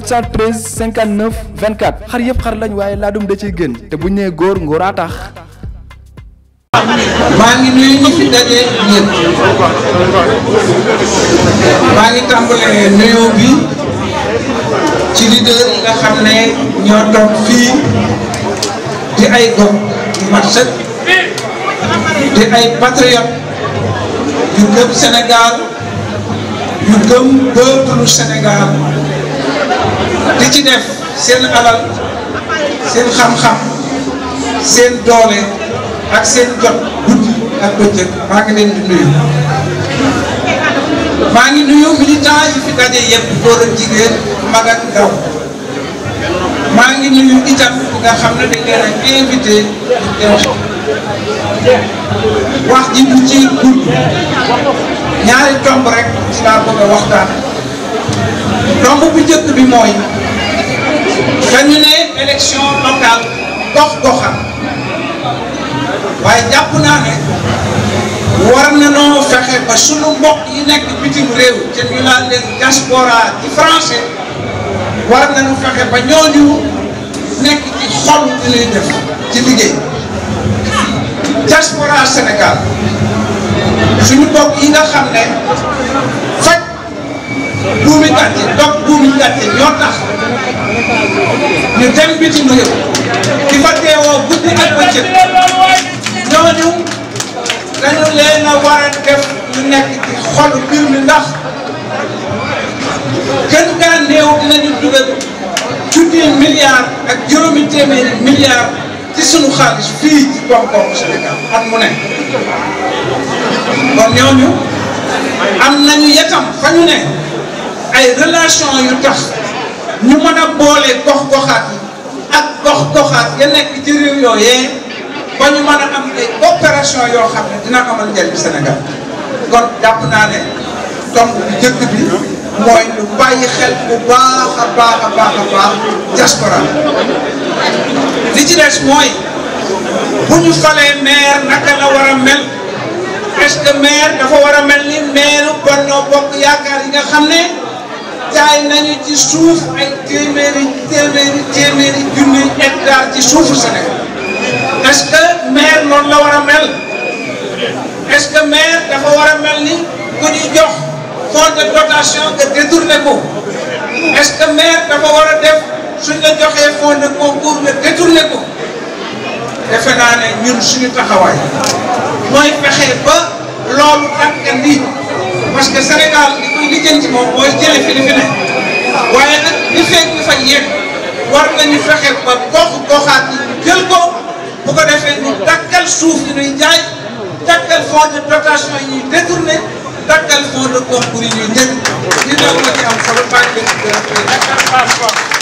713 59 24 xar yëpp xar lañ waaye laadum da ciy gën te bu ñu nee góor ngóoraa tax. maa ngi nuyu ñi fi daje yi nga xam ne ñoo toog fii di ay gox yu di ay patriote yu gëm Sénégal yu gëm peuple Sénégal li ci def seen alal seen xam-xam seen doole ak seen jot guddi ak bëccëg maa ngi leen di nuyu maa ngi nuyu militant yi fi daje yëpp góor ak jigéen mag ak ndaw maa ngi nuyu itam nga xam ne dañ leen a invité wax ji du ci gudd ñaari tomb rek ci laa bëgg a waxtaan tomb bu njëkk bi mooy dañu ne élection locale gox goxam waaye jàpp naa ne war na noo fexe ba sunu mbokk yi nekk bitim réew te ñu naan leen diaspora di français war nañu fexe ba ñooñu nekk ci xol li ñuy def ci liggéey diaspora Sénégal suñu mbokk yi nga xam ne faj buumi gàcce dog buumi gàcce ñoo tax ñu dem bitim réew di fa teewoo guddi ak bëccëg ñooñu dañu leen a war ñu nekk ci xolu mbir mi ndax gën gaa néew dinañu dugal junni milliards ak juróomi téeméeri milliards ci xaalis fii ci koom-koomu Sénégal mu ne kon ñooñu am nañu yetam fa ñu ne ay relation yu tax ñu mën a boolee gox-goxaat yi ak gox-goxaat ya nekk ci réew yooyee ba ñu mën a am ay opération yoo xam ne dina amal njëriñ Sénégal kon jàpp naa ne tomb bu mooy lu bàyyi xel bu baax a baax a baax a baax diaspora li ci des mooy bu ñu falee maire naka la war a mel est maire dafa war a mel ni maire Benno Bokk Yaakaar yi nga xam ne. jaay nañu ci suuf ay téeméeri téeméeri téeméeri junni hectare ci suufu Sénégal est que maire noonu la war a mel est que maire dafa war a mel ni ku ñuy jox fonds de dotation nga détourné ko est maire dafa war a def suñ la joxee fonds de concours nga détourné ko defe naa ne ñun suñu taxawaay mooy fexe ba loolu tànk lii parce que Sénégal. li jëm ci moom mooy jëlee fi li fi ne waaye nag li fekk ñu fa yegg war ba gox goxaat yi ñu jël ko bu ko defee ñu suuf yi ñuy jaay dakkal fonds de dotation yi ñuy détourné dakkal fonds de concours yi ñuy njëkk. dina ko ci am solo bàyyi ko ci gërëm